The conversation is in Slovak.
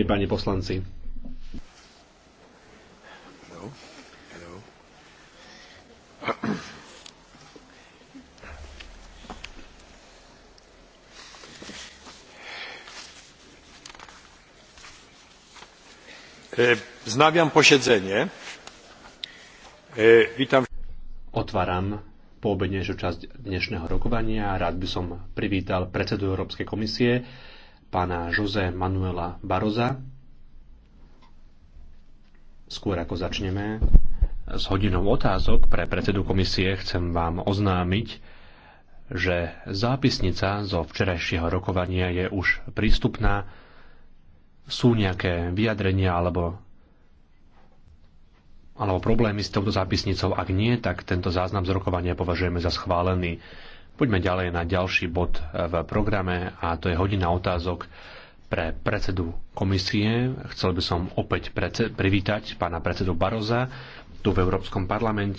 páni poslanci. Hello. Eh, posiedzenie. Vítam. Eh, Otváram poobednejšiu časť dnešného rokovania. Rád by som privítal predsedu Európskej komisie, pána Jose Manuela Baroza. Skôr ako začneme s hodinou otázok pre predsedu komisie, chcem vám oznámiť, že zápisnica zo včerajšieho rokovania je už prístupná. Sú nejaké vyjadrenia alebo alebo problémy s touto zápisnicou. Ak nie, tak tento záznam z rokovania považujeme za schválený. Poďme ďalej na ďalší bod v programe a to je hodina otázok pre predsedu komisie. Chcel by som opäť privítať pána predsedu Baroza tu v Európskom parlamente.